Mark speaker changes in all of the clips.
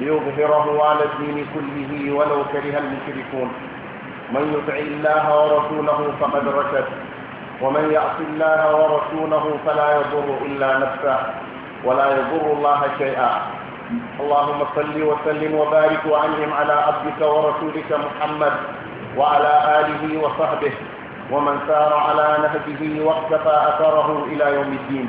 Speaker 1: ليظهره على الدين كله ولو كره المشركون من يطع الله ورسوله فقد رشد ومن يعص الله ورسوله فلا يضر الا نفسه ولا يضر الله شيئا اللهم صل وسلم وبارك وانعم على عبدك ورسولك محمد وعلى اله وصحبه ومن سار على نهجه واقتفى اثره الى يوم الدين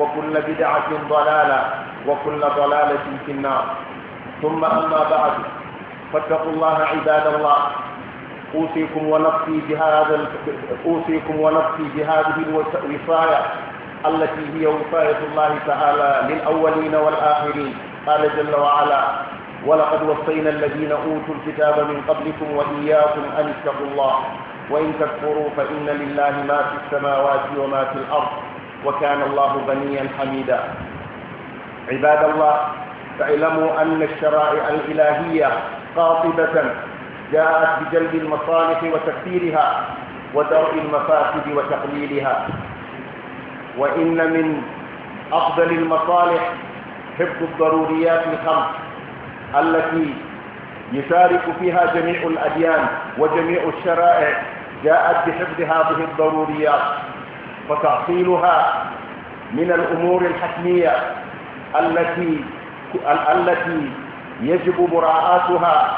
Speaker 1: وكل بدعة ضلالة وكل ضلالة في النار ثم أما بعد فاتقوا الله عباد الله أوصيكم ونفسي بهذا أوصيكم ونفسي بهذه الوصايا التي هي وصاية الله تعالى للأولين والآخرين قال جل وعلا ولقد وصينا الذين أوتوا الكتاب من قبلكم وإياكم أن اتقوا الله وإن تكفروا فإن لله ما في السماوات وما في الأرض وكان الله غنيا حميدا عباد الله فاعلموا أن الشرائع الإلهية قاطبة جاءت بجلب المصالح وتكثيرها ودرء المفاسد وتقليلها وإن من أفضل المصالح حفظ الضروريات الخمس التي يشارك فيها جميع الأديان وجميع الشرائع جاءت بحفظ هذه الضروريات فتعطيلها من الأمور الحتمية التي التي يجب مراعاتها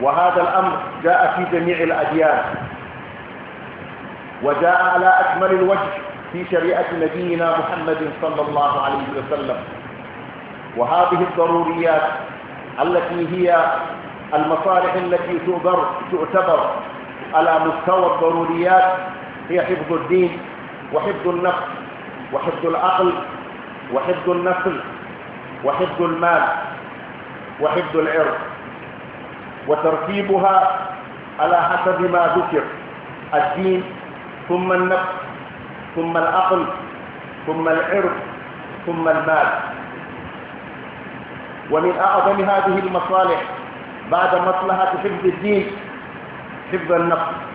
Speaker 1: وهذا الأمر جاء في جميع الأديان وجاء على أكمل الوجه في شريعة نبينا محمد صلى الله عليه وسلم وهذه الضروريات التي هي المصالح التي تعتبر على مستوى الضروريات هي حفظ الدين وحفظ النفس وحفظ العقل وحفظ النسل وحفظ المال وحفظ العرض وترتيبها على حسب ما ذكر الدين ثم النفس ثم العقل ثم العرض ثم المال ومن أعظم هذه المصالح بعد مصلحة حفظ الدين حفظ النفس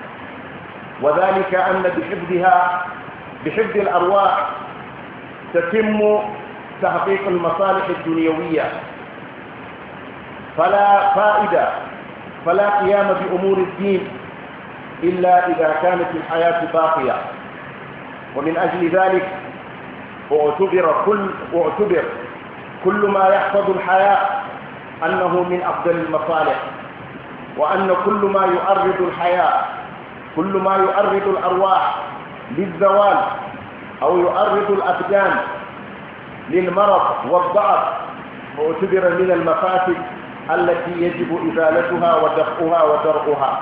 Speaker 1: وذلك أن بحفظها بحفظ الأرواح تتم تحقيق المصالح الدنيوية فلا فائدة فلا قيام بأمور الدين إلا إذا كانت الحياة باقية ومن أجل ذلك اعتبر كل, اعتبر كل ما يحفظ الحياة أنه من أفضل المصالح وأن كل ما يؤرد الحياة كل ما يؤرد الأرواح للزوال أو يؤرد الأبدان للمرض والضعف معتبرا من المفاسد التي يجب إزالتها ودفعها ودرؤها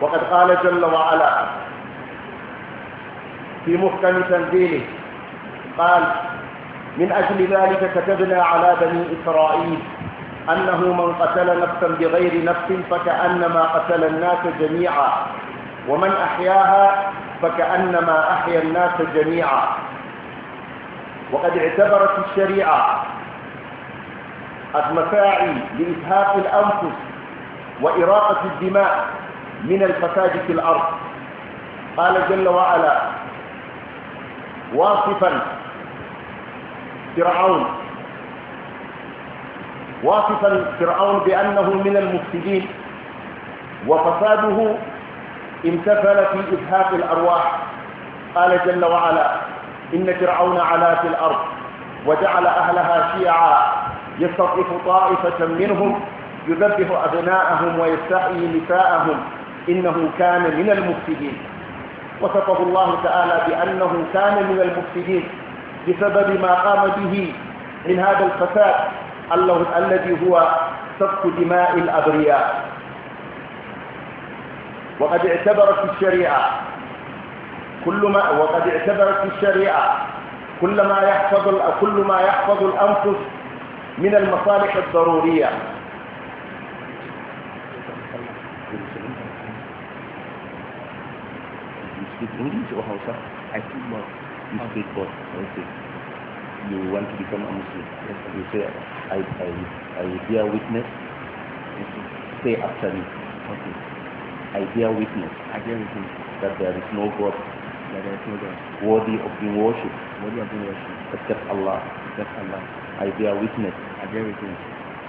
Speaker 1: وقد قال جل وعلا في محكم تنزيله قال من أجل ذلك كتبنا على بني إسرائيل أنه من قتل نفسا بغير نفس فكأنما قتل الناس جميعا ومن أحياها فكأنما أحيا الناس جميعا وقد اعتبرت الشريعة المساعي لإسهاق الأنفس وإراقة الدماء من الفساد في الأرض قال جل وعلا واصفا فرعون واصفا فرعون بأنه من المفسدين وفساده امتثل في إزهاق الأرواح قال جل وعلا إن فرعون علا في الأرض وجعل أهلها شيعا يستضعف طائفة منهم يذبح أبناءهم ويستحيي نساءهم إنه كان من المفسدين وصفه الله تعالى بأنه كان من المفسدين بسبب ما قام به من هذا الفساد الله الذي هو سفك دماء الأبرياء وقد اعتبرت الشريعة كل ما وقد اعتبرت الشريعة كل ما يحفظ كل ما يحفظ الأنفس من المصالح الضرورية English or Hausa? I think more you Okay. you want to become a Muslim. You say, I, I, I bear witness. Say after me. Okay. I bear witness. I bear witness. That there is no God. That there is no God. Worthy of being worshipped. Worthy of being worshipped. Except Allah. Except Allah. I bear witness. I bear witness.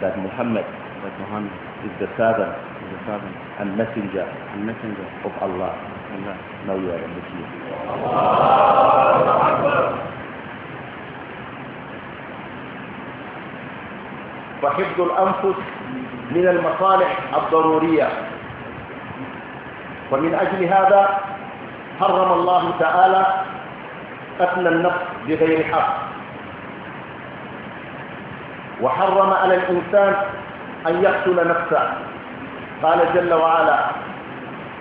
Speaker 1: That Muhammad. That Muhammad is the servant. Is the servant. And messenger. And messenger of Allah. Allah. Now you are a Muslim. Allah. وحفظ الأنفس من المصالح الضرورية ومن أجل هذا حرم الله تعالى قتل النفس بغير حق وحرم على الإنسان أن يقتل نفسه قال جل وعلا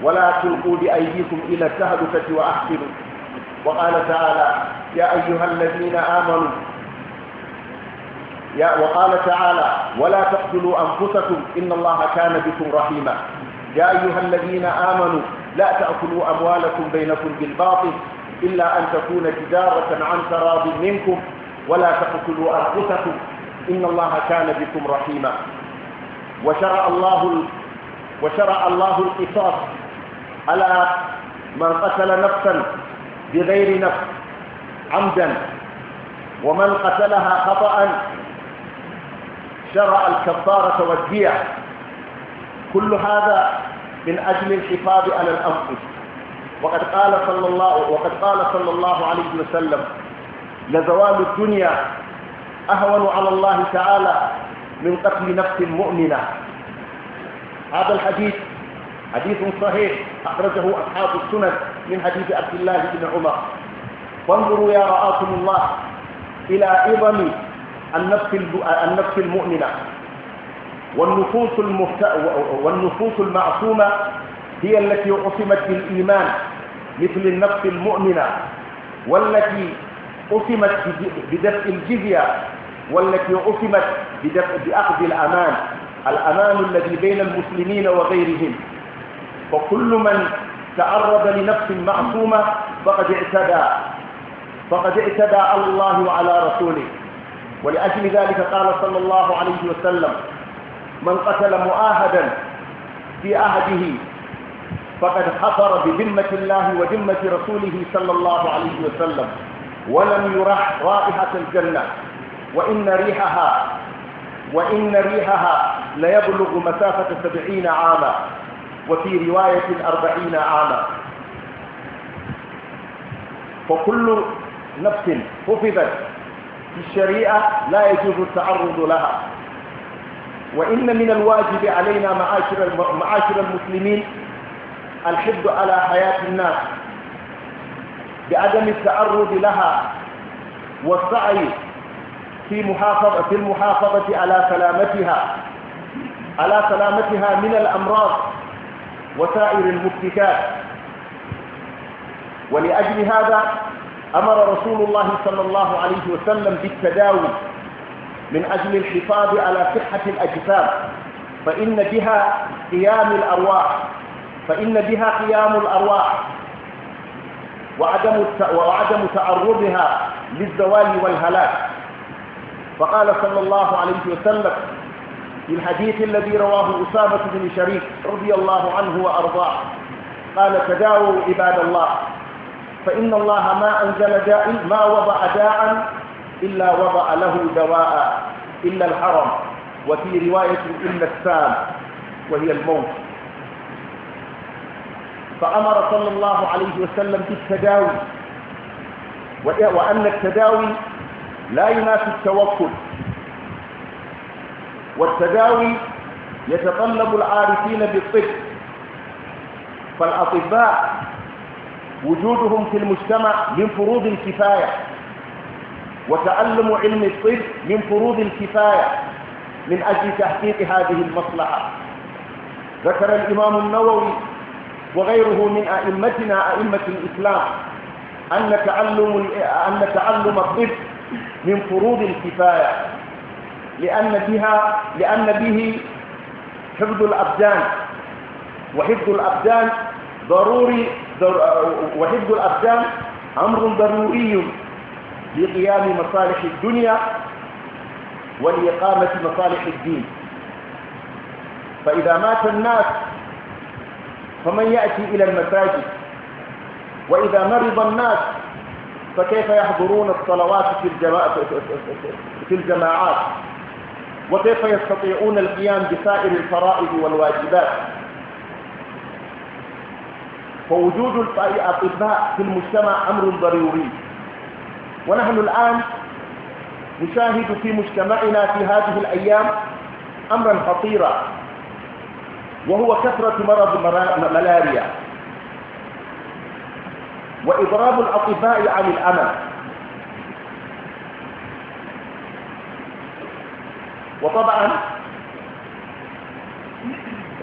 Speaker 1: ولا تلقوا بأيديكم إلى التهلكة وأحسنوا وقال تعالى يا أيها الذين آمنوا يا وقال تعالى ولا تقتلوا أنفسكم إن الله كان بكم رحيما يا أيها الذين آمنوا لا تأكلوا أموالكم بينكم بالباطل إلا أن تكون تجارة عن تراض منكم ولا تقتلوا أنفسكم إن الله كان بكم رحيما وشرع الله وشرع الله القصاص على من قتل نفسا بغير نفس عمدا ومن قتلها خطأ جرى الكفارة والدية كل هذا من أجل الحفاظ على الأنفس وقد قال صلى الله وقد قال صلى الله عليه وسلم لزوال الدنيا أهون على الله تعالى من قتل نفس مؤمنة هذا الحديث حديث صحيح أخرجه أصحاب السنن من حديث عبد الله بن عمر فانظروا يا رعاكم الله إلى عظم النفس النفس المؤمنة والنفوس المفت... والنفوس المعصومة هي التي عصمت بالإيمان مثل النفس المؤمنة والتي عصمت بدفع الجزية والتي عصمت بدفع بأخذ الأمان الأمان الذي بين المسلمين وغيرهم فكل من تعرض لنفس معصومة فقد اعتدى فقد اعتدى على الله وعلى رسوله ولأجل ذلك قال صلى الله عليه وسلم من قتل مؤاهدا في عهده فقد حفر بذمة الله وذمة رسوله صلى الله عليه وسلم ولم يرح رائحة الجنة وإن ريحها وإن ريحها ليبلغ مسافة سبعين عاما وفي رواية أربعين عاما فكل نفس حفظت في الشريعة لا يجوز التعرض لها وإن من الواجب علينا معاشر معاشر المسلمين الحفظ على حياة الناس بعدم التعرض لها والسعي في محافظة في المحافظة على سلامتها على سلامتها من الأمراض وسائر المفكات ولأجل هذا أمر رسول الله صلى الله عليه وسلم بالتداوي من أجل الحفاظ على صحة الأجسام فإن بها قيام الأرواح فإن بها قيام الأرواح وعدم وعدم تعرضها للزوال والهلاك فقال صلى الله عليه وسلم في الحديث الذي رواه أسامة بن شريك رضي الله عنه وأرضاه قال تداووا عباد الله فإن الله ما أنزل داء ما وضع داء إلا وضع له دواء إلا الحرم وفي رواية إلا السام وهي الموت فأمر صلى الله عليه وسلم بالتداوي وأن التداوي لا ينافي التوكل والتداوي يتطلب العارفين بالطب فالأطباء وجودهم في المجتمع من فروض الكفاية وتعلم علم الطب من فروض الكفاية من أجل تحقيق هذه المصلحة ذكر الإمام النووي وغيره من أئمتنا أئمة الإسلام أن تعلم أن تعلم الطب من فروض الكفاية لأن بها لأن به حفظ الأبدان وحفظ الأبدان ضروري وحفظ الأبدان أمر ضروري لقيام مصالح الدنيا ولإقامة مصالح الدين فإذا مات الناس فمن يأتي إلى المساجد وإذا مرض الناس فكيف يحضرون الصلوات في, في الجماعات وكيف يستطيعون القيام بسائر الفرائض والواجبات فوجود الأطباء في المجتمع أمر ضروري ونحن الآن نشاهد في مجتمعنا في هذه الأيام أمرا خطيرا وهو كثرة مرض ملاريا وإضراب الأطباء عن الأمل وطبعا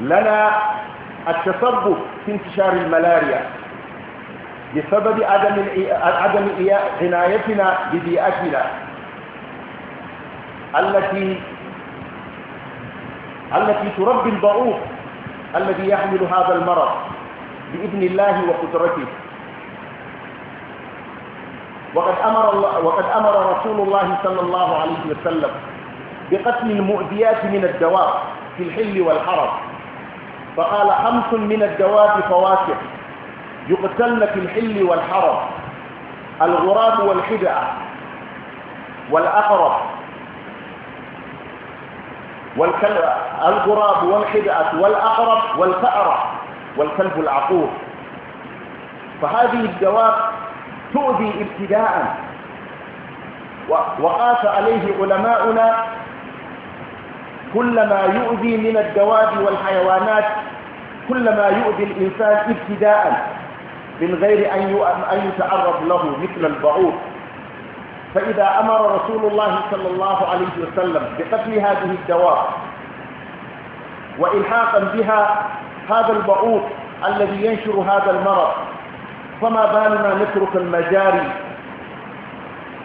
Speaker 1: لنا التسبب في انتشار الملاريا بسبب عدم عدم عنايتنا ببيئتنا التي التي تربي البعوض الذي يحمل هذا المرض بإذن الله وقدرته وقد أمر, الله وقد أمر رسول الله صلى الله عليه وسلم بقتل المؤذيات من الدواب في الحل والحرم فقال خمس من الدواب فواكه يقتلن في الحل والحرم الغراب والحدعة والأقرب الغراب والحدعة والأقرب والفأرة والكلب العقور فهذه الدواب تؤذي ابتداء وقاس عليه علماؤنا كل ما يؤذي من الدواب والحيوانات كل ما يؤذي الإنسان ابتداء من غير أن يتعرض له مثل البعوض فإذا أمر رسول الله صلى الله عليه وسلم بقتل هذه الدواب وإلحاقا بها هذا البعوض الذي ينشر هذا المرض فما بالنا نترك المجاري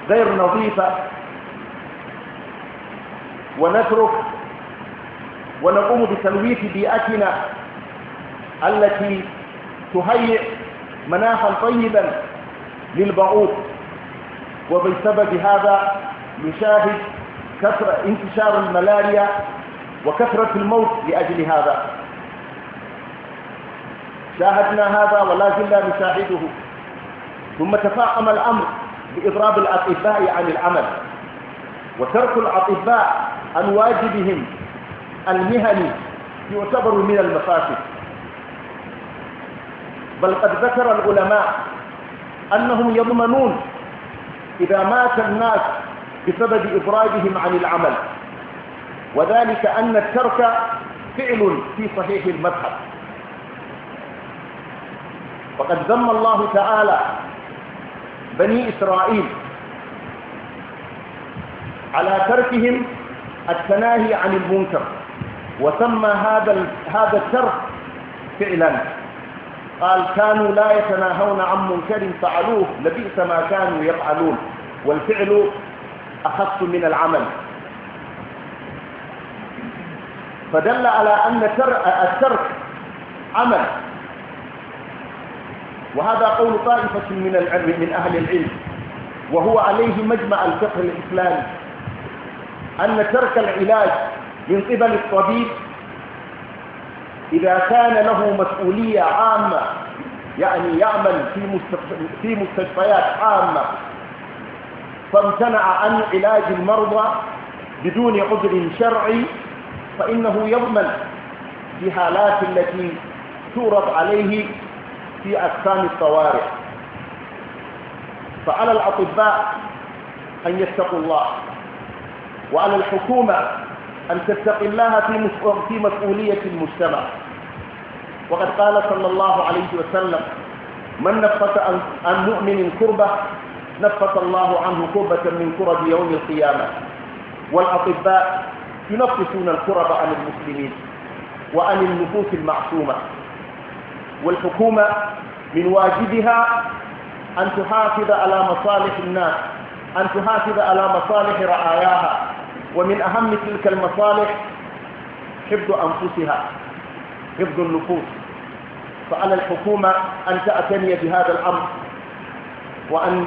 Speaker 1: غير نظيفة ونترك ونقوم بتلويث بيئتنا التي تهيئ مناخا طيبا للبعوث وبسبب هذا نشاهد كثرة انتشار الملاريا وكثرة الموت لأجل هذا شاهدنا هذا ولا زلنا نشاهده ثم تفاقم الأمر بإضراب الأطباء عن العمل وترك الأطباء عن واجبهم المهني يعتبر من المفاسد بل قد ذكر العلماء أنهم يضمنون إذا مات الناس بسبب إبراجهم عن العمل وذلك أن الترك فعل في صحيح المذهب وقد ذم الله تعالى بني إسرائيل على تركهم التناهي عن المنكر وسمى هذا هذا الترك فعلا قال كانوا لا يتناهون عن منكر فعلوه لبئس ما كانوا يفعلون والفعل اخف من العمل فدل على أن الترك عمل وهذا قول طائفة من العلم من أهل العلم وهو عليه مجمع الفقه الإسلامي أن ترك العلاج من قبل الطبيب إذا كان له مسؤولية عامة يعني يعمل في مستشفيات عامة فامتنع عن علاج المرضى بدون عذر شرعي فإنه يضمن في حالات التي تورد عليه في أقسام الطوارئ فعلى الأطباء أن يتقوا الله وعلى الحكومة أن تتقي الله في مسؤولية المجتمع وقد قال صلى الله عليه وسلم من نفت عن مؤمن كربة نفت الله عنه كربة من كرب يوم القيامة والأطباء ينفسون الكرب عن المسلمين وعن النفوس المعصومة والحكومة من واجبها أن تحافظ على مصالح الناس أن تحافظ على مصالح رعاياها ومن أهم تلك المصالح حفظ أنفسها حفظ النفوس فعلى الحكومة أن تعتني بهذا الأمر وأن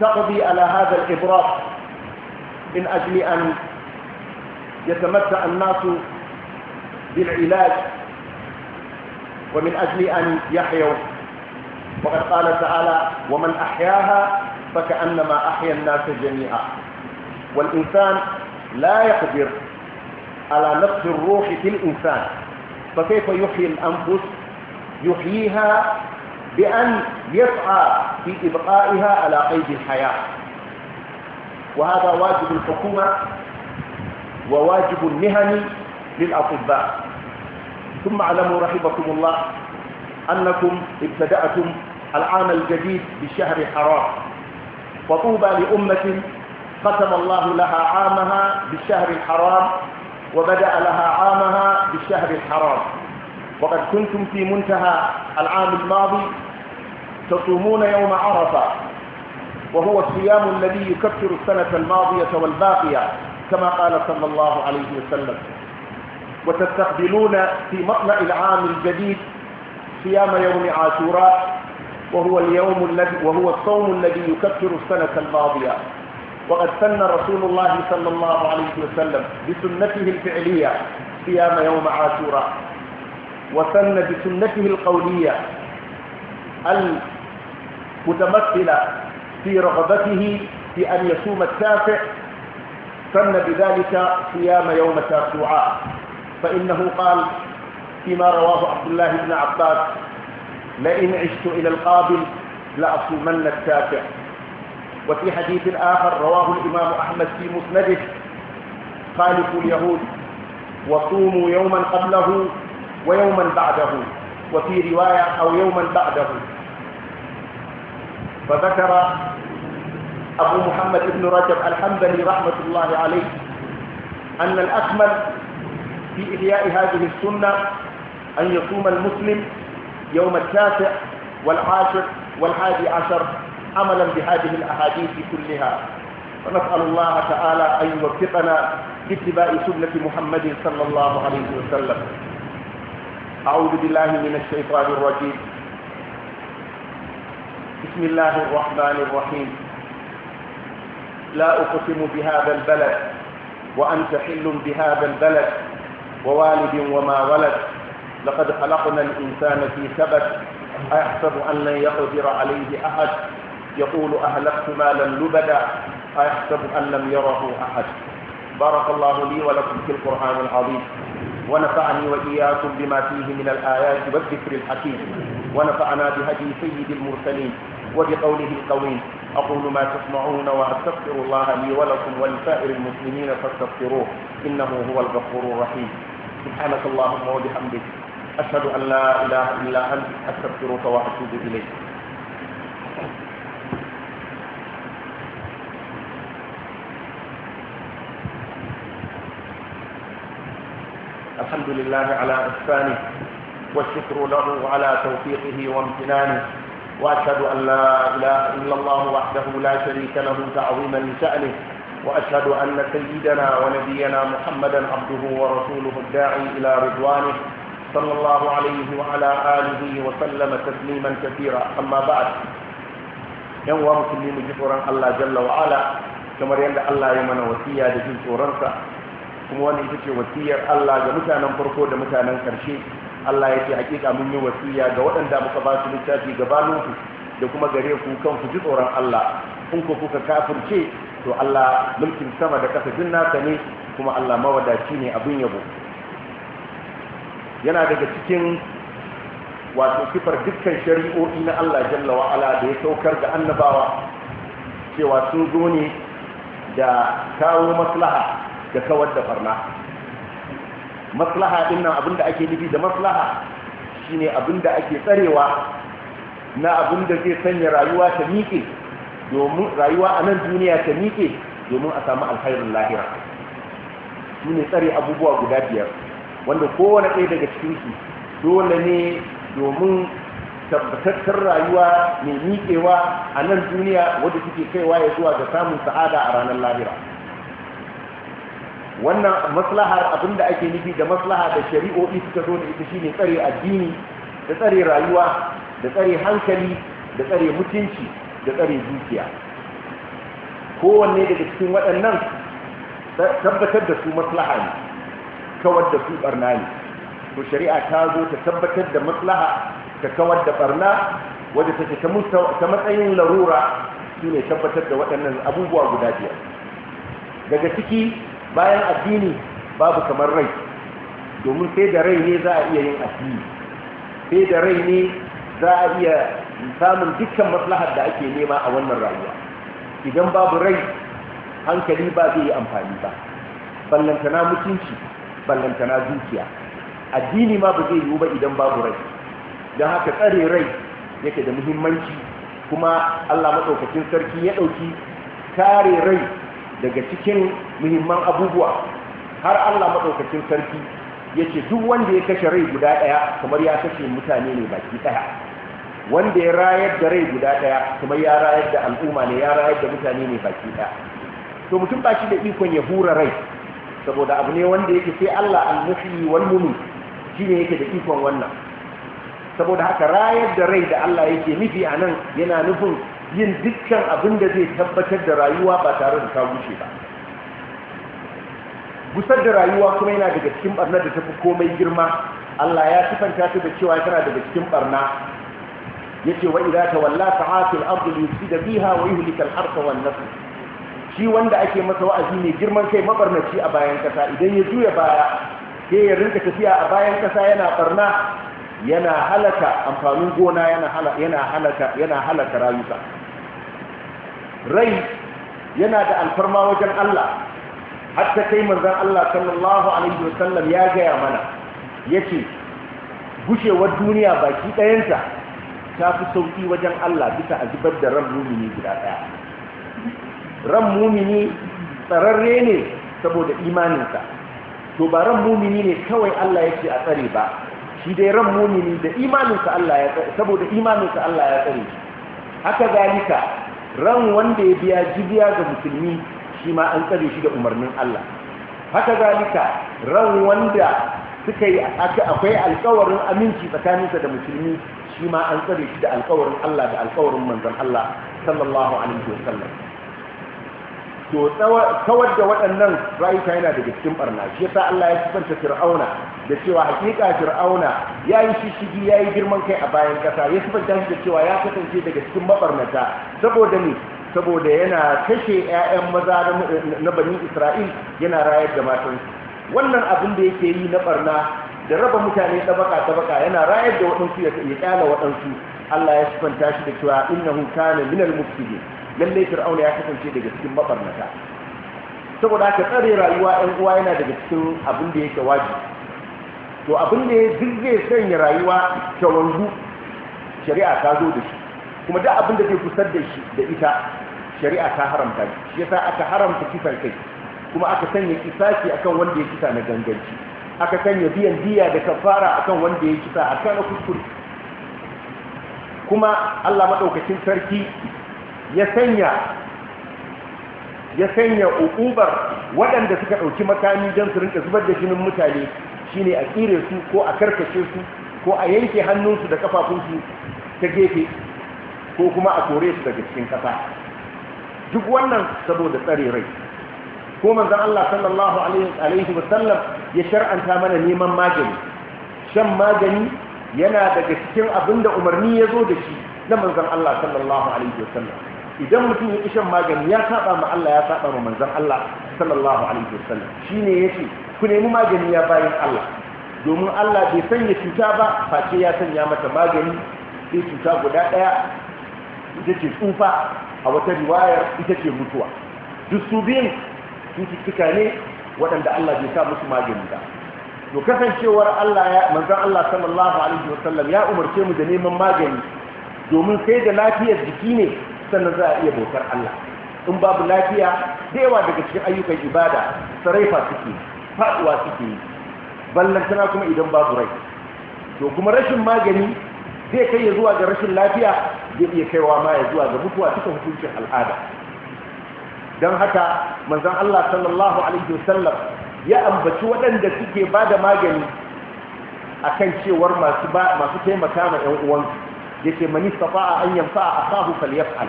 Speaker 1: تقضي على هذا الإبراق من أجل أن يتمتع الناس بالعلاج ومن أجل أن يحيوا وقد قال تعالى ومن أحياها فكأنما أحيا الناس جميعا والإنسان لا يقدر على نقص الروح في الإنسان فكيف يحيي الأنفس يحييها بأن يسعى في إبقائها على قيد الحياة وهذا واجب الحكومة وواجب المهن للأطباء ثم اعلموا رحمكم الله أنكم ابتدأتم العام الجديد بشهر حرام وطوبى لأمة ختم الله لها عامها بالشهر الحرام وبدأ لها عامها بالشهر الحرام وقد كنتم في منتهى العام الماضي تصومون يوم عرفة وهو الصيام الذي يكفر السنة الماضية والباقية كما قال صلى الله عليه وسلم وتستقبلون في مطلع العام الجديد صيام يوم عاشوراء وهو اليوم الذي وهو الصوم الذي يكفر السنة الماضية وقد سن رسول الله صلى الله عليه وسلم بسنته الفعلية صيام يوم عاشوراء وسن بسنته القولية المتمثلة في رغبته في أن يصوم التاسع سن بذلك صيام يوم تاسوعاء فإنه قال فيما رواه عبد الله بن عباس لئن عشت إلى القابل لأصومن التاسع وفي حديث آخر رواه الإمام أحمد في مسنده خالفوا اليهود وصوموا يوما قبله ويوما بعده وفي رواية أو يوما بعده فذكر أبو محمد بن رجب الحنبلي رحمة الله عليه أن الأكمل في إحياء هذه السنة أن يصوم المسلم يوم التاسع والعاشر والحادي عشر عملا بهذه الأحاديث كلها ونسأل الله تعالى أن يوفقنا لاتباع سنة محمد صلى الله عليه وسلم أعوذ بالله من الشيطان الرجيم بسم الله الرحمن الرحيم لا أقسم بهذا البلد وأنت حل بهذا البلد ووالد وما ولد لقد خلقنا الإنسان في سبت أيحسب أن لن يقدر عليه أحد يقول أهلكت مالا لبدا أيحسب أن لم يره أحد بارك الله لي ولكم في القرآن العظيم ونفعني وإياكم بما فيه من الآيات والذكر الحكيم ونفعنا بهدي سيد المرسلين وبقوله القويم أقول ما تسمعون وأستغفر الله لي ولكم ولسائر المسلمين فاستغفروه إنه هو الغفور الرحيم سبحانك اللهم وبحمدك أشهد أن لا إله إلا أنت أستغفرك وأتوب إليك الحمد لله على إحسانه والشكر له على توفيقه وامتنانه وأشهد أن لا إله إلا الله وحده لا شريك له تعظيما لشأنه وأشهد أن سيدنا ونبينا محمدا عبده ورسوله الداعي إلى رضوانه صلى الله عليه وعلى آله وسلم تسليما كثيرا أما بعد ينوى مسلم جفرا الله جل وعلا كما يند الله يمن وسيا دجل سورنسا kuma wannan ita ce wasiyar Allah ga mutanen farko da mutanen karshe Allah ya ce hakika mun yi wasiya ga waɗanda muka ba su littafi gabaninku da kuma gare ku kan ku ji tsoron Allah Kun ko kuka kafirce to Allah mulkin sama da ƙasa jin nasa ne kuma Allah mawadaci ne abin yabo yana daga cikin wato sifar dukkan shari'o'i na Allah jalla wa ala da ya saukar ga annabawa cewa sun zo ne da kawo maslaha da kawar da farna maslaha din nan abinda ake nufi da maslaha shine abinda ake tsarewa na abinda zai sanya rayuwa ta miƙe domin rayuwa a nan duniya ta miƙe domin a samu alkhairin lahira shine tsare abubuwa guda biyar wanda kowane ɗaya daga cikin su dole ne domin tabbatattar rayuwa mai miƙewa a nan duniya wadda suke kaiwa ya zuwa ga samun sa'ada a ranar lahira wannan maslahar abinda ake nufi da maslaha da shari'o'i suka zo da ita shine tsare addini da tsare rayuwa da tsare hankali da tsare mutunci da tsare zuciya. kowanne daga cikin waɗannan tabbatar da su maslaha ne kawar da su barna ne to shari'a ta zo ta tabbatar da maslaha ta kawar da barna wadda take ta matsayin larura su ne tabbatar da waɗannan abubuwa guda biyar daga ciki bayan addini babu kamar rai domin sai da rai ne za a iya yin addini sai da rai ne za a iya samun dukkan maslahar da ake nema a wannan rayuwa idan babu rai hankali ba zai yi amfani ba ballantana mutunci ballantana zuciya. addini ma ba zai yiwu ba idan babu rai don haka tsare rai yake da muhimmanci kuma allah maɗaukacin sarki ya ɗauki kare rai daga cikin muhimman abubuwa har Allah maɗaukacin sarki yace duk wanda ya kashe rai guda ɗaya kamar ya kashe mutane ne baki ɗaya wanda ya rayar da rai guda ɗaya kamar ya rayar da al'umma ne ya rayar da mutane ne baki ɗaya to mutum ba shi da ikon ya hura rai saboda abu ne wanda yake sai Allah al-muhyi wal mumin shine yake da ikon wannan saboda haka rayar da rai da Allah yake nufi a nan yana nufin yin dukkan abin da zai tabbatar da rayuwa ba tare da ta wuce ba gusar da rayuwa kuma yana daga cikin barna da tafi komai girma Allah ya sifanta ta da cewa tana daga cikin barna ce wa ta hafi al'adul ardu yufsida biha wa yuhlika al-harsa wan wannan. shi wanda ake masa wa'azi ne girman kai maɓarnaci a bayan kasa idan ya juya baya sai ya rinka tafiya a bayan kasa yana barna yana halaka amfanin gona yana halaka rayuka rai yana da alfarma wajen Allah hatta kai manzon Allah sallallahu alaihi wasallam ya gaya mana yace gushewar duniya baki ɗayanta ta fi sauƙi wajen Allah bisa a zubar da ran mumini guda ɗaya ran mumini tsararre ne saboda imaninsa to ba ran mumini ne kawai Allah yake a tsare ba shi dai ran mumini da imaninsa Allah ya tsare saboda imaninsa Allah ya tsare haka zalika ran wanda ya biya jibiya ga musulmi shi ma an tsare shi da umarnin Allah haka zalika ran wanda suka yi akwai alkawarin aminci tsakaninsa da musulmi shi ma an tsare shi da alkawarin Allah da alkawarin manzon Allah sallallahu alaihi wasallam to kawar da waɗannan rayuka yana daga cikin barna shi yasa Allah ya sifanta fir'auna da cewa hakika fir'auna ya yi shishigi ya yi girman kai a bayan kasa ya sifanta shi da cewa ya kasance daga cikin mabarnata saboda ne saboda yana kashe 'ya'yan maza na bani isra'il yana rayar da matansu wannan abin da yake yi na barna da raba mutane tabaka-tabaka yana rayar da waɗansu ya ƙyala waɗansu Allah ya sifanta shi da cewa innahu kana minal mufsidin Lallai, fir'auna ya kasance daga cikin mabarnata saboda haka tsare rayuwa ɗan uwa yana daga cikin abin da yake waji to abin da ya duk zai sanya rayuwa ta wanzu shari'a ta zo da shi kuma duk abin da zai kusar da shi da ita shari'a ta haramta shi shi yasa aka haramta kisan kai kuma aka sanya kisaki akan wanda ya kisa na ganganci aka sanya biyan diya da kafara akan wanda ya kisa a kana kuskure kuma Allah madaukakin sarki ya sanya ya waɗanda suka ɗauki makami don su rinka zubar da jinin mutane shine a tsire su ko a karkace su ko a yanke hannunsu da kafafunsu ta gefe ko kuma a kore su daga cikin ƙasa duk wannan saboda tsare rai ko manzon Allah sallallahu alaihi ya shar'anta mana neman magani shan magani yana daga cikin abinda umarni ya zo da shi na manzon Allah sallallahu alaihi idan mutum ya kishan magani ya saba ma Allah ya saba ma manzon Allah sallallahu alaihi wasallam shine yace ku nemi magani ya bayan Allah domin Allah bai sanya cuta ba face ya sanya mata magani sai cuta guda daya ita ce tsufa a wata riwayar ita ce mutuwa duk su biyun cututtuka ne waɗanda Allah bai sa musu magani ba to kasancewar Allah ya manzon Allah sallallahu alaihi wasallam ya umarce mu da neman magani domin sai da lafiyar jiki ne sannan za a iya bautar Allah in babu lafiya da yawa daga cikin ayyukan ibada saraifa suke faduwa suke yi ballantana kuma idan babu rai to kuma rashin magani zai kai ya zuwa ga rashin lafiya zai iya kaiwa ma ya zuwa ga mutuwa cikin hukuncin al'ada don haka manzon Allah sallallahu alaihi wasallam ya ambaci waɗanda suke ba da magani kan cewar masu taimaka ma 'yan uwansu ce mani istata'a an yanfa'a akahu falyaf'al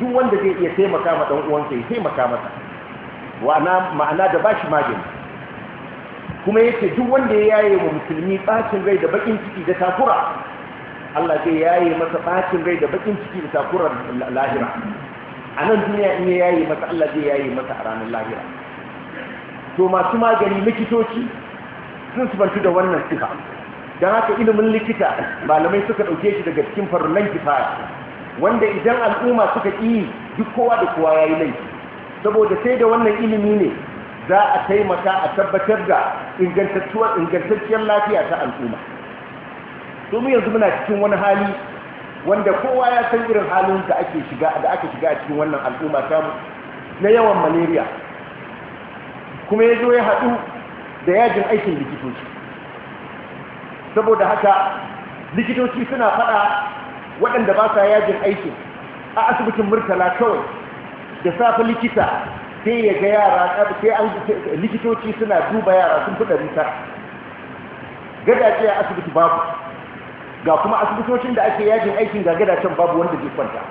Speaker 1: duk wanda zai iya taimaka ma dan uwansa ya taimaka masa wana ma'ana da bashi magani kuma yace duk wanda ya yaye wa musulmi bacin rai da bakin ciki da takura Allah zai yaye masa bacin rai da bakin ciki da takurar lahira a nan duniya in ya yaye masa Allah zai yaye masa a ranar lahira to masu magani likitoci sun subantu da wannan sifa don haka ilimin likita malamai suka ɗauke shi daga cikin farulan kifaya wanda idan al'umma suka ƙi duk kowa da kowa ya yi laifi saboda sai da wannan ilimi ne za a taimaka a tabbatar da ingantacciyar lafiya ta al'umma mu yanzu muna cikin wani hali wanda kowa ya san irin halin da ake shiga da aka shiga a cikin wannan al'umma samu na yawan malaria kuma ya zo ya haɗu da yajin aikin likitoci saboda haka likitoci suna fada waɗanda ba sa yajin aiki a asibitin murtala kawai da safe likita sai ya ga yara sai an likitoci suna duba yara sun fi ɗari tara gadace a asibiti babu ga kuma asibitocin da ake yajin aikin ga gadacen babu wanda zai kwanta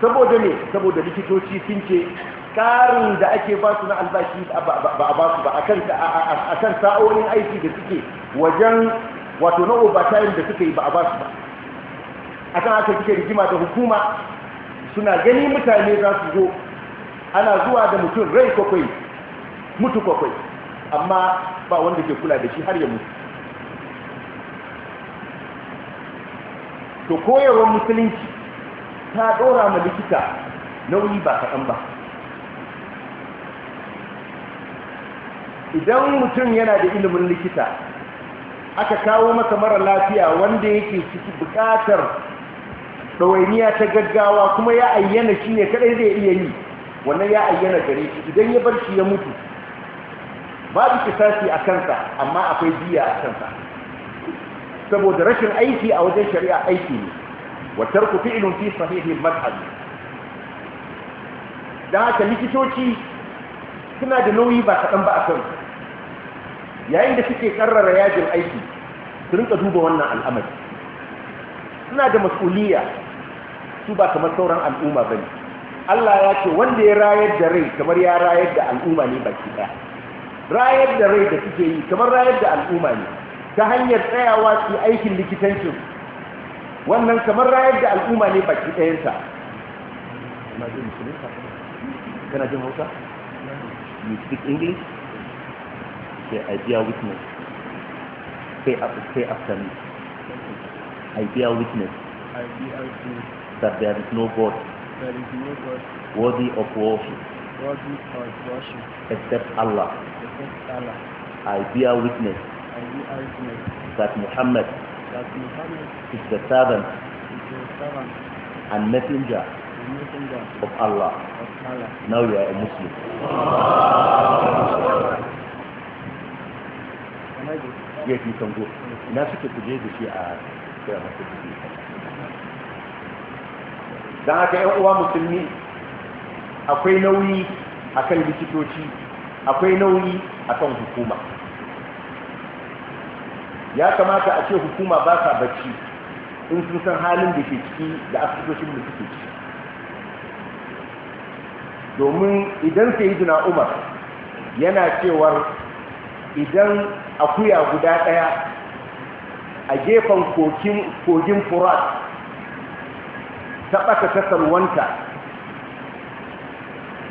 Speaker 1: saboda ne saboda likitoci sun ce ƙarin da ake ba su na albashi ba a ba su ba a kan sa'o'in aiki da suke wajen wato na overtime da suka yi ba a ba su ba a kan haka suke rigima da hukuma suna gani mutane za su zo ana zuwa da mutum rai kwakwai mutu kwakwai amma ba wanda ke kula da shi har ya mutu to koyarwar musulunci ta ɗora ma likita nauyi ba kaɗan ba idan mutum yana da ilimin likita aka kawo masa mara lafiya wanda yake ciki bukatar ɗawainiya ta gaggawa kuma ya ayyana shi ne kadai zai iya yi wannan ya ayyana gare shi idan ya bar shi ya mutu babu kisasi a kansa amma akwai biya a kansa saboda rashin aiki a wajen shari'a aiki ne wa tarku fi'lun fi sahihi madhhab dan haka likitoci suna da nauyi ba kaɗan ba a kansu yayin da suke karrara yajin aiki su rinka duba wannan al'amari suna da mas'uliyya su ba kamar sauran al'umma ba ne. Allah ya ce wanda ya rayar da rai kamar ya rayar da al'umma ne baki daya rayar da rai da suke yi kamar rayar da al'umma ne ta hanyar tsayawa su aikin likitancin wannan kamar rayar da al'umma ne baki ɗayansa kana jin hausa you speak english say I bear witness say say after me I bear witness I bear witness that there is no God there is no God worthy of worship worthy of worship except Allah except Allah I bear witness I bear witness that Muhammad that Muhammad is the servant is the servant and messenger of Allah. of Allah. Now you are a Muslim. ya fi kango na suke kuje da shi a kira masu shi don haka yan uwa musulmi akwai nauyi akan likitoci akwai nauyi akan hukuma ya kamata a ce hukuma ba sa bacci in sun san halin da ke ciki da asibitocin da suke ciki domin idan yi umar yana cewar idan akuya guda ɗaya a gefen kogin furat ta ɓata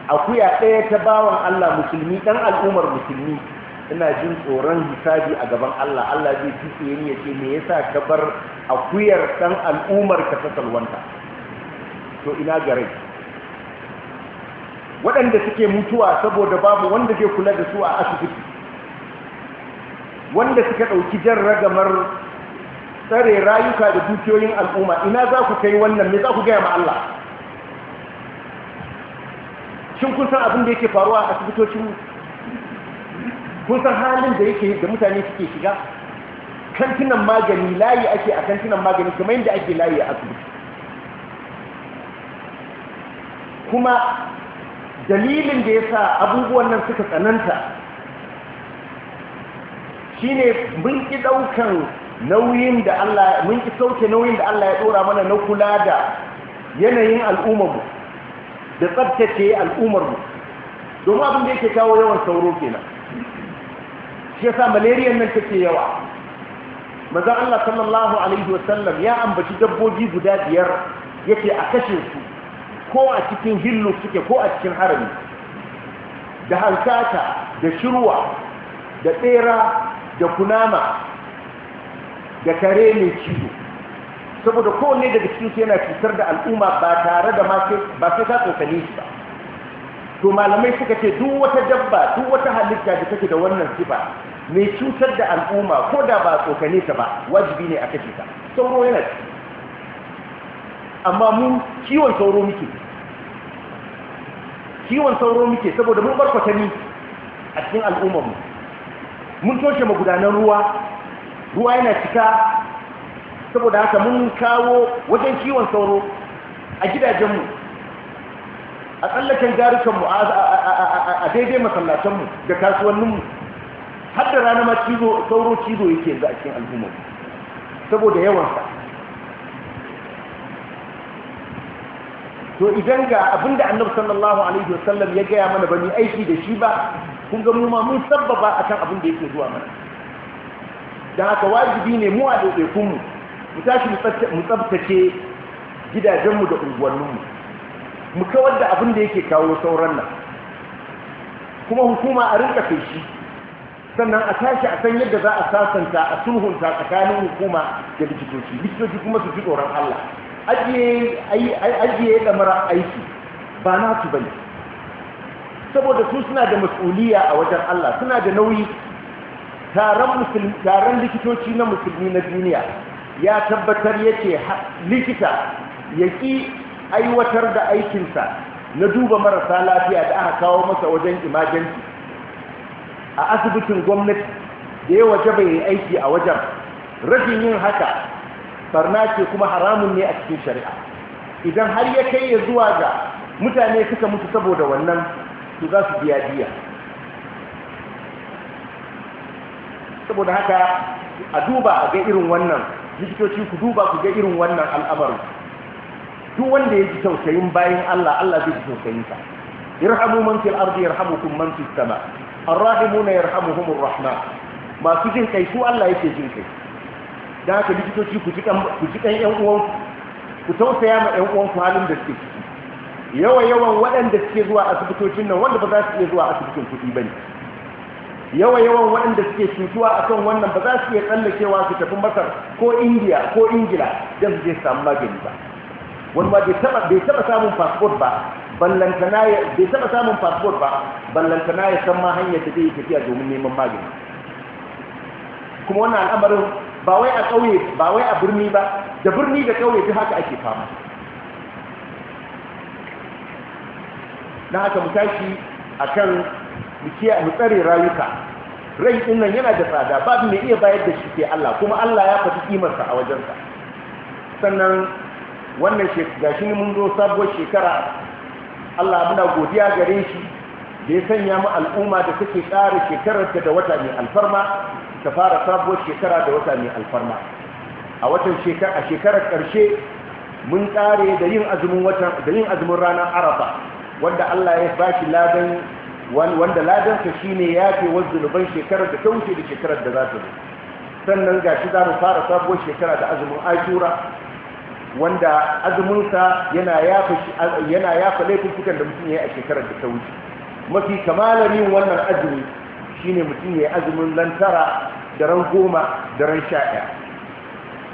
Speaker 1: akuya ɗaya ta bawan Allah musulmi ɗan al'ummar musulmi ina jin tsoron hisabi a gaban Allah Allah zai tuke ni ya ce me yasa ka bar akuyar ɗan al'ummar ka tasarwanta to ina gare waɗanda suke mutuwa saboda babu wanda zai kula da su a asibiti wanda suka ɗauki jan ragamar tsare rayuka da dukiyoyin al'umma ina za ku kai wannan ne? za ku gaya ma Allah shin kun san abin da yake faruwa a asibitocin kun san halin da yake da mutane suke shiga kantinan magani layi ake a kantinan magani kamar yadda ake layi a asibiti kuma dalilin da ya sa abubuwan nan suka tsananta Shi ne mun ki daukan nauyin da Allah mun ki sauke nauyin da Allah ya ɗora mana na kula da yanayin al'ummarmu da tsabtace al'ummarmu domin abin da yake kawo yawan sauro kenan shi yasa malaria nan take yawa manzon Allah sallallahu alaihi wasallam ya ambaci dabbobi guda biyar yake a kashe su ko a cikin hillu suke ko a cikin harami da hankata da shirwa da tsera da kunama da kare mai ciwo. saboda kowanne daga cikin yana cutar da al'umma ba tare da ba sai ta tsokane shi ba to malamai suka ce duk wata dabba duk wata halitta da take da wannan sifa mai cutar da al'umma ko da ba tsokane ta ba wajibi ne a kashe ta sauro yana ci amma mu kiwon sauro muke kiwon sauro muke saboda mun barkwatani a cikin al'ummarmu mun toshe magudanan ruwa ruwa yana cika saboda haka mun kawo wajen kiwon sauro a gidajenmu a tsallaken garukanmu a daidai masallatanmu da kasuwanninmu har da rana ma sauro cizo yake yanzu a cikin al'ummar saboda yawansa to idan ga abinda annabi sallallahu alaihi wasallam ya gaya mana ba ni aiki da shi ba kun ga mu ma mun sabbaba akan abin da yake zuwa mana dan haka wajibi ne mu a ɗaiɗaikun mu mu tashi mu tsabtace gidajenmu da unguwanninmu mu kawar da abin da yake kawo sauran nan kuma hukuma a rinka kai shi sannan a tashi a san yadda za a sasanta a sulhunta tsakanin hukuma da likitoci likitoci kuma su ji tsoron Allah ajiye ɗamara aiki ba na su bane saboda su suna da mas'uliya a wajen Allah suna da nauyi taron likitoci na musulmi na duniya ya tabbatar yake likita ya ƙi aiwatar da aikinsa na duba marasa lafiya da aka kawo masa wajen imajenci a asibitin gwamnati da ya waje bai aiki a wajen rashin yin haka barna ce kuma haramun ne a cikin shari'a idan har ya kai ya zuwa ga mutane suka mutu saboda wannan su za su biya biya saboda haka a duba a ga irin wannan likitoci ku duba ku ga irin wannan al'amarin duk wanda ya ji tausayin bayan Allah Allah zai ji tausayin tausayinsa irhamu man fil ardi yarhamukum man fis sama arrahimuna yarhamuhumur rahman masu jin kai su Allah yake jin kai da aka likitoci ku ji ɗan yan uwanku ku tausaya ma yan uwanku halin da suke ciki yawa yawan waɗanda suke zuwa asibitocin nan wanda ba za su iya zuwa asibitin kuɗi ba ne yawa yawan waɗanda suke cutuwa a kan wannan ba za su iya tsallakewa su tafi masar ko indiya ko ingila don su je samu magani ba wani ma bai taɓa samun fasfot ba bai taɓa samun fasfot ba ballantana ya san ma hanyar da zai tafiya domin neman magani kuma wannan al'amarin ba wai a kauye ba wai a birni ba da birni da kauye duk haka ake fama na haka mu tashi mutiya mu tsare rayuka rai din nan yana da tsada babu mai iya bayar da shi ke Allah kuma Allah ya faɗi kimarsa a wajensa sannan wannan gashi mun zo sabuwar shekara Allah muna godiya gare shi da ya sanya mu al'umma da take ƙara shekararta da wata mai alfarma ka fara sabuwar shekara da wata mai alfarma a watan shekara a shekarar karshe mun tsare da yin azumin watan da yin azumin ranar arafa wanda Allah ya bashi ladan wanda ladan sa shine yafe wazzuluban shekarar da ta wuce da shekarar da za ta zo sannan gashi za mu fara sabuwar shekara da azumin ashura wanda sa yana yafa yana yafa laifukan da mutum ya yi a shekarar da ta wuce mafi kamalarin yin wannan azumi shine mutum ya yi azumin lantara da ran goma da ran sha ɗaya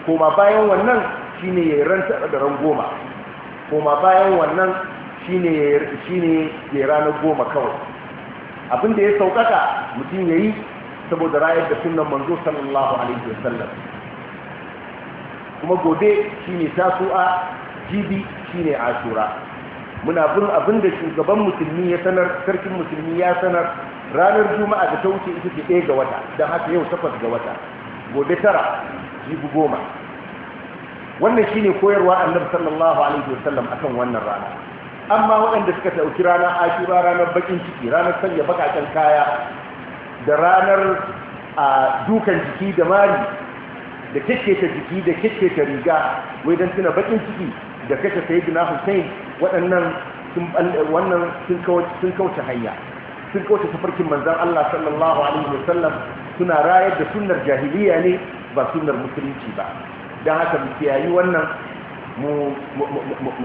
Speaker 1: koma bayan wannan shine ya ran tara da ran goma koma bayan wannan shine ya yi ranar goma kawai Abin da ya sauƙaƙa mutum ya yi saboda rayar da sunan manzo sallallahu alaihi wasallam kuma gobe shine tasu'a jibi shine ashura muna bin abin da shugaban musulmi ya sanar sarkin musulmi ya sanar ranar juma'a da ta wuce ita ce ɗaya ga wata don haka yau takwas ga wata gobe tara jibi goma wannan shi ne koyarwa annabi sallallahu alaihi wasallam akan wannan rana amma waɗanda suka ɗauki ranar ashura ranar bakin ciki ranar sanya bakaken kaya da ranar dukan jiki da mari da kekketa jiki da kekketa riga wai don tuna bakin ciki da kashe gina Hussain waɗannan sun wannan sun kauce hanya sun kauce tafarkin manzan Allah sallallahu alaihi wasallam suna rayar da sunnar jahiliya ne ba sunar musulunci ba don haka mu kiyayi wannan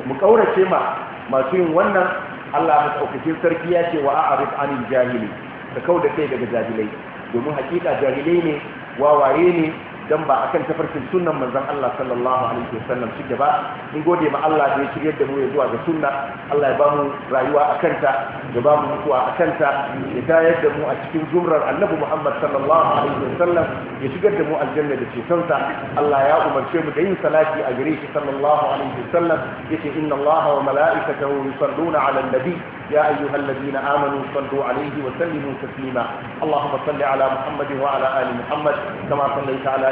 Speaker 1: mu kaurace ma masu yin wannan Allah matsaukakin sarki ya ce wa a'arif anil jahili ka kauda kai daga jahilai domin hakika jahilai ne wawaye ne dan ba akan tafarkin sunnan manzon Allah sallallahu alaihi wasallam shige ba mun gode ma Allah da ya shiryar da mu ya zuwa ga sunna Allah ya ba mu rayuwa akan ta ya ba mu mutuwa akan ta ya tayar da mu a cikin zumrar Annabi Muhammad sallallahu alaihi wasallam ya shigar da mu aljanna da cetonsa Allah ya umarce mu da yin salati a gare shi sallallahu alaihi wasallam yace inna Allah wa mala'ikatahu yusalluna 'alan nabi يا amanu sallu 'alaihi wa sallimu taslima Allahumma salli 'ala Muhammad wa 'ala ali Muhammad kama sallaita ala.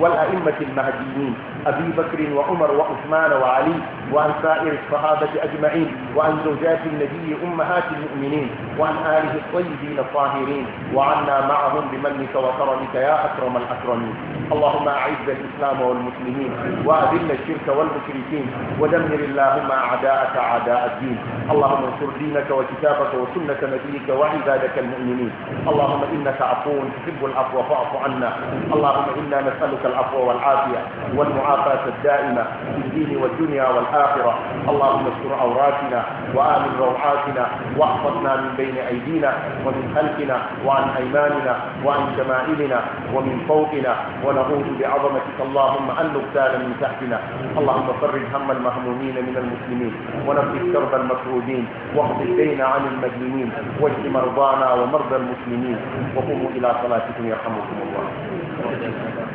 Speaker 1: والأئمة المهديين أبي بكر وعمر وعثمان وعلي وعن سائر الصحابة أجمعين وعن زوجات النبي أمهات المؤمنين وعن آله الطيبين الطاهرين وعنا معهم بمنك وكرمك يا أكرم الأكرمين اللهم أعز الإسلام والمسلمين وأذل الشرك والمشركين ودمر اللهم أعداءك أعداء الدين اللهم انصر دينك وكتابك وسنة نبيك وعبادك المؤمنين اللهم إنك عفو تحب العفو فاعف عنا اللهم إنا نسألك العفو والعافية والمعافاة الدائمة في الدين والدنيا والآخرة اللهم استر عوراتنا وآمن روعاتنا واحفظنا من بين أيدينا ومن خلفنا وعن أيماننا وعن شمائلنا ومن فوقنا ونعوذ بعظمتك اللهم أن نغتال من تحتنا اللهم فرج هم المهمومين من المسلمين ونفس كرب المكروبين واقض الدين عن المدينين واشف مرضانا ومرضى المسلمين وقوموا إلى صلاتكم يرحمكم الله